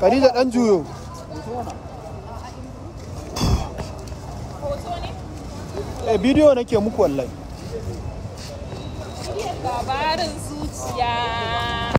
Khadija dan juyo. Eh bidiyo nake muku wallahi. Labarin zuciya.